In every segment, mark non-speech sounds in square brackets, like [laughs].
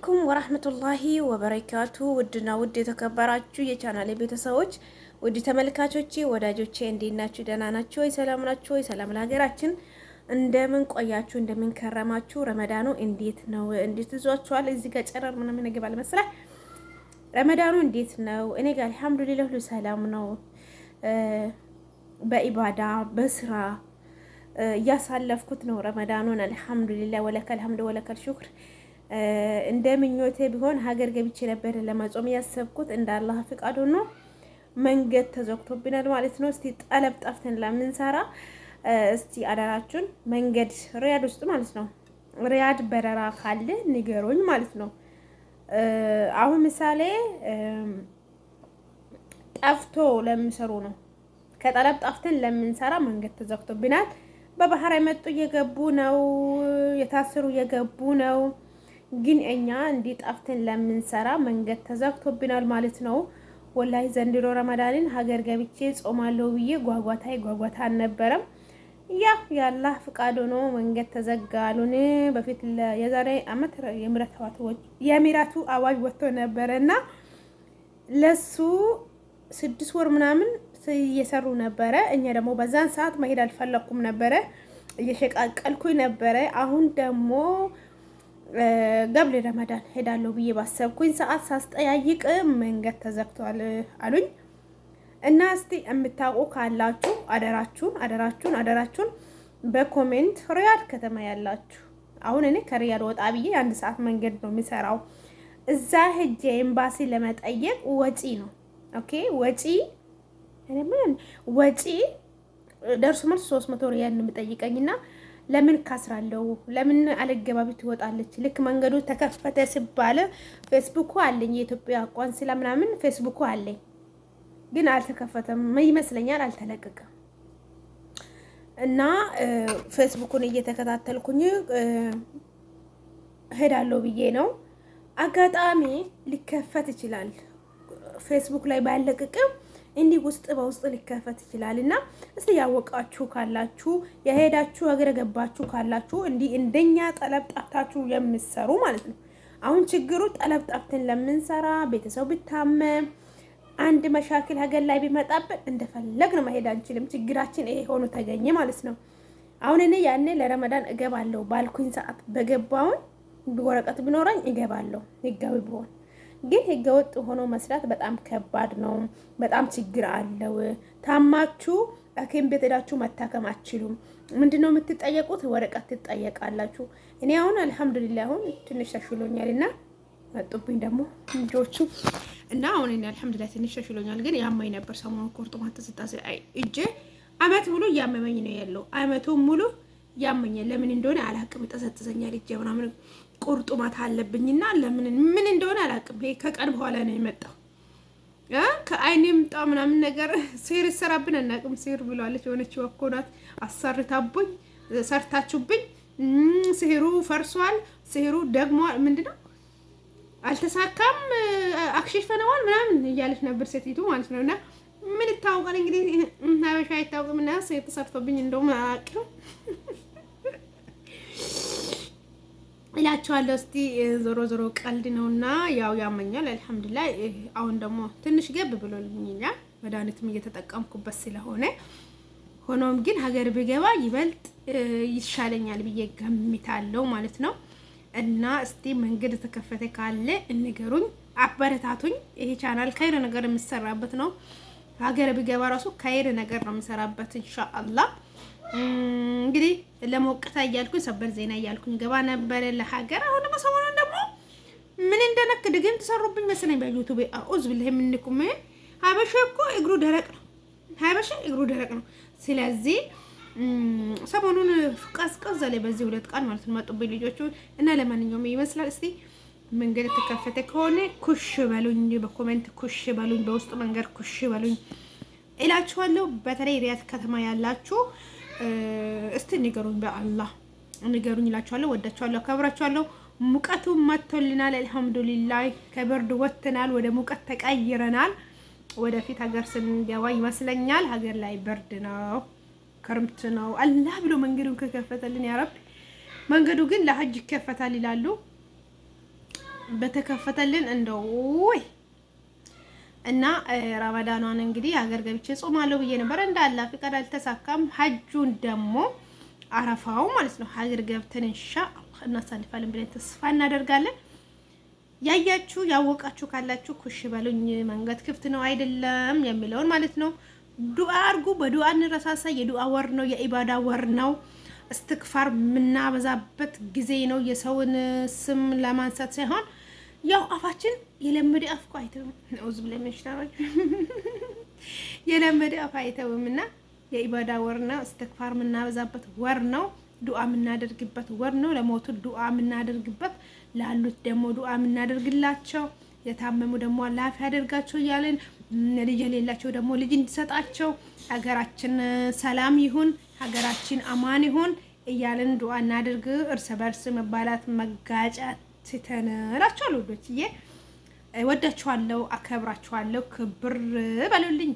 አለይኩም ወራህመቱላሂ ወበረካቱ ውድና ውድ የተከበራችሁ የቻናሌ ቤተሰቦች ውድ ተመልካቾቼ ወዳጆቼ እንዴት ናችሁ? ደህና ናችሁ ወይ? ሰላም ናችሁ ወይ? ሰላም ለሀገራችን። እንደምን ቆያችሁ? እንደምን ከረማችሁ? ረመዳኑ እንዴት ነው? እንዴት ይዟችኋል? እዚህ ጋር ጨረር ምናምን ምግብ አልመስላ ረመዳኑ እንዴት ነው? እኔ ጋር አልሐምዱሊላህ ሁሉ ሰላም ነው። በኢባዳ በስራ እያሳለፍኩት ነው ረመዳኑን። አልሐምዱሊላህ ወለከል ሐምድ ወለከል ሹክር እንደ ምኞቴ ቢሆን ሀገር ገብቼ ነበር ለመጾም ያሰብኩት። እንደ አላህ ፍቃድ ሆኖ መንገድ ተዘግቶብናል ማለት ነው። እስቲ ጠለብ ጠፍተን ለምንሰራ እስቲ አደራችሁን መንገድ ሪያድ ውስጥ ማለት ነው ሪያድ በረራ ካለ ንገሮኝ ማለት ነው። አሁን ምሳሌ ጠፍቶ ለሚሰሩ ነው ከጠለብ ጠፍተን ለምንሰራ መንገድ ተዘግቶብናል። በባህር የመጡ እየገቡ ነው። የታሰሩ እየገቡ ነው። ግን እኛ እንዲህ ጠፍተን ለምንሰራ መንገድ ተዘግቶብናል ማለት ነው። ወላሂ ዘንድሮ ረመዳንን ሀገር ገብቼ ጾማለሁ ብዬ ጓጓታ ጓጓታ አልነበረም። ያ ያላህ ፍቃድ ሆኖ መንገድ ተዘጋሉን። በፊት የዛሬ አመት የሚራቱ አዋጅ ወጥቶ ነበረ እና ለሱ ስድስት ወር ምናምን እየሰሩ ነበረ። እኛ ደግሞ በዛን ሰዓት መሄድ አልፈለኩም ነበረ፣ እየሸቃቀልኩኝ ነበረ። አሁን ደግሞ ገብሌ ረመዳን ሄዳለሁ ብዬ ባሰብኩኝ ሰዓት ሳስጠያይቅ መንገድ ተዘግቷል አሉኝ። እና እስቲ የምታውቁ ካላችሁ አደራችሁን አደራችሁን አደራችሁን በኮሜንት ሪያድ ከተማ ያላችሁ አሁን እኔ ከሪያድ ወጣ ብዬ አንድ ሰዓት መንገድ ነው የሚሰራው። እዛ ሄጄ ኤምባሲ ለመጠየቅ ወጪ ነው። ኦኬ ወጪ ወጪ ደርሶ መልስ ሶስት መቶ ሪያድ ነው የሚጠይቀኝና ለምን ካስራለው ለምን አለገባቢ ትወጣለች? ልክ መንገዱ ተከፈተ ሲባል ፌስቡኩ አለኝ የኢትዮጵያ ቆንስላ ምናምን ፌስቡኩ አለኝ፣ ግን አልተከፈተም ይመስለኛል፣ አልተለቀቀም። እና ፌስቡኩን እየተከታተልኩኝ ሄዳለሁ ብዬ ነው። አጋጣሚ ሊከፈት ይችላል ፌስቡክ ላይ ባለቅቅም እንዲህ ውስጥ በውስጥ ሊከፈት ይችላል እና እስቲ ያወቃችሁ ካላችሁ የሄዳችሁ ሀገር ገባችሁ ካላችሁ እንዲህ እንደኛ ጠለብ ጣፍታችሁ የምትሰሩ ማለት ነው። አሁን ችግሩ ጠለብ ጣፍትን ለምንሰራ ቤተሰብ ብታመም አንድ መሻክል ሀገር ላይ ቢመጣብን እንደፈለግን መሄድ አንችልም። ችግራችን ይሄ ሆኖ ተገኘ ማለት ነው። አሁን እኔ ያኔ ለረመዳን እገባለሁ ባልኩኝ ሰዓት በገባውን ወረቀት ቢኖረኝ እገባለሁ ህጋዊ ብሆን ግን ህገወጥ ሆኖ መስራት በጣም ከባድ ነው። በጣም ችግር አለው። ታማችሁ ሐኪም ቤት ሄዳችሁ መታከም አትችሉም። ምንድነው የምትጠየቁት? ወረቀት ትጠየቃላችሁ። እኔ አሁን አልሐምዱሊላ አሁን ትንሽ ተሽሎኛል እና መጡብኝ ደግሞ ልጆቹ እና አሁን እኔ አልሐምዱሊላ ትንሽ ተሽሎኛል። ግን ያማኝ ነበር ሰሞኑን ቁርጥማት ተሰጣሴ እጄ አመት ሙሉ እያመመኝ ነው ያለው። አመቱ ሙሉ ያመኛል። ለምን እንደሆነ አላቅም። ይጠዘጥዘኛል እጄ ምናምን ቁርጡማት አለብኝና ለምን ምን እንደሆነ አላውቅም። ይሄ ከቀን በኋላ ነው የመጣው። ከአይኔ ምጣ ምናምን ነገር ሴር ይሰራብን አናውቅም። ሴር ብለዋለች የሆነች ወኮናት አሰርታብኝ ሰርታችሁብኝ ስሄሩ ፈርሷል። ስሄሩ ደግሞ ምንድነው አልተሳካም፣ አክሽፈነዋል ምናምን እያለች ነበር ሴቲቱ ማለት ነው። እና ምን ይታወቃል እንግዲህ ሀበሻ አይታወቅም። እና ሴት ተሰርቶብኝ እንደውም አያውቅም። እላችኋለሁ። እስቲ ዞሮ ዞሮ ቀልድ ነውና ያው ያመኛል፣ አልሐምዱሊላህ። አሁን ደግሞ ትንሽ ገብ ብሎልኛል፣ መድኃኒትም እየተጠቀምኩበት ስለሆነ ሆኖም ግን ሀገር ብገባ ይበልጥ ይሻለኛል ብዬ ገምታለሁ ማለት ነው። እና እስቲ መንገድ ተከፈተ ካለ እንገሩኝ፣ አበረታቱኝ። ይሄ ቻናል ከይረ ነገር የምሰራበት ነው። ሀገር ቢገባ ራሱ ከይር ነገር ነው የምሰራበት ኢንሻአላህ። እንግዲህ ለሞቅታ እያልኩኝ ሰበር ዜና እያልኩኝ ገባ ነበረ ለሀገር። አሁን ሰሞኑን ደግሞ ምን እንደነክ ድግም ተሰሩብኝ መስለኝ በዩቲዩብ አኡዝ ቢላህ ምንኩም ሀበሻ እኮ እግሩ ደረቅ ነው። ሀበሻ እግሩ ደረቅ ነው። ስለዚህ ሰሞኑን ቀዝቀዝ አለ በዚህ ሁለት ቀን ማለት ነው መጡብኝ ልጆቹ እና ለማንኛውም ይመስላል እስቲ መንገድ የተከፈተ ከሆነ ኩሽ በሉኝ፣ በኮሜንት ኩሽ በሉኝ፣ በውስጥ መንገድ ኩሽ በሉኝ እላችኋለሁ። በተለይ ሪያት ከተማ ያላችሁ እስቲ ንገሩኝ፣ በአላህ ንገሩኝ እላችኋለሁ። ወዳችኋለሁ፣ አከብራችኋለሁ። ሙቀቱ መጥቶልናል፣ አልሐምዱሊላህ ከብርድ ወጥተናል፣ ወደ ሙቀት ተቀይረናል። ወደፊት ሀገር ስንገባ ይመስለኛል ሀገር ላይ ብርድ ነው፣ ክርምት ነው። አላህ ብሎ መንገዱን ከከፈተልን ያረብ መንገዱ ግን ለሀጅ ይከፈታል ይላሉ። በተከፈተልን እንደው ወይ እና ረመዳኗን እንግዲህ ሀገር ገብቼ ጾማለሁ ብዬ ነበር። እንደ አላህ ፍቃድ አልተሳካም። ሀጁን ደግሞ አረፋው ማለት ነው ሀገር ገብተን ኢንሻአላህ እናሳልፋለን ብለን ተስፋ እናደርጋለን። ያያችሁ ያወቃችሁ ካላችሁ ኩሽ በሉኝ፣ መንገድ ክፍት ነው አይደለም የሚለውን ማለት ነው። ዱአ አርጉ። በዱአ እንረሳሳ። የዱአ ወር ነው፣ የኢባዳ ወር ነው። እስትክፋር የምናበዛበት ጊዜ ነው። የሰውን ስም ለማንሳት ሳይሆን ያው አፋችን የለመደ አፍ እኮ አይተውም። ነውዝም ለሚያሽታራች የለመደ አፍ አይተውም። እና የኢባዳ ወር ነው። እስትክፋር የምናበዛበት ወር ነው። ዱዓ የምናደርግበት ወር ነው። ለሞቱት ዱዓ የምናደርግበት፣ ላሉት ደግሞ ዱዓ የምናደርግላቸው፣ የታመሙ ደግሞ አላፊ ያደርጋቸው እያለን ልጅ የሌላቸው ደግሞ ልጅ እንዲሰጣቸው፣ ሀገራችን ሰላም ይሁን፣ ሀገራችን አማን ይሁን እያለን ዱዓ እናድርግ። እርስ በርስ መባላት መጋጫት ስተን እላችኋለሁ። ውዶችዬ ወዳችኋለሁ፣ አከብራችኋለሁ። ክብር በሉልኝ።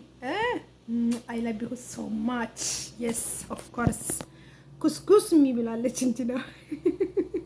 አይ ላቭ ዩ ሶ ማች የስ ኦፍ ኮርስ ኩስኩስ የሚብላለች እንጂ ነው [laughs]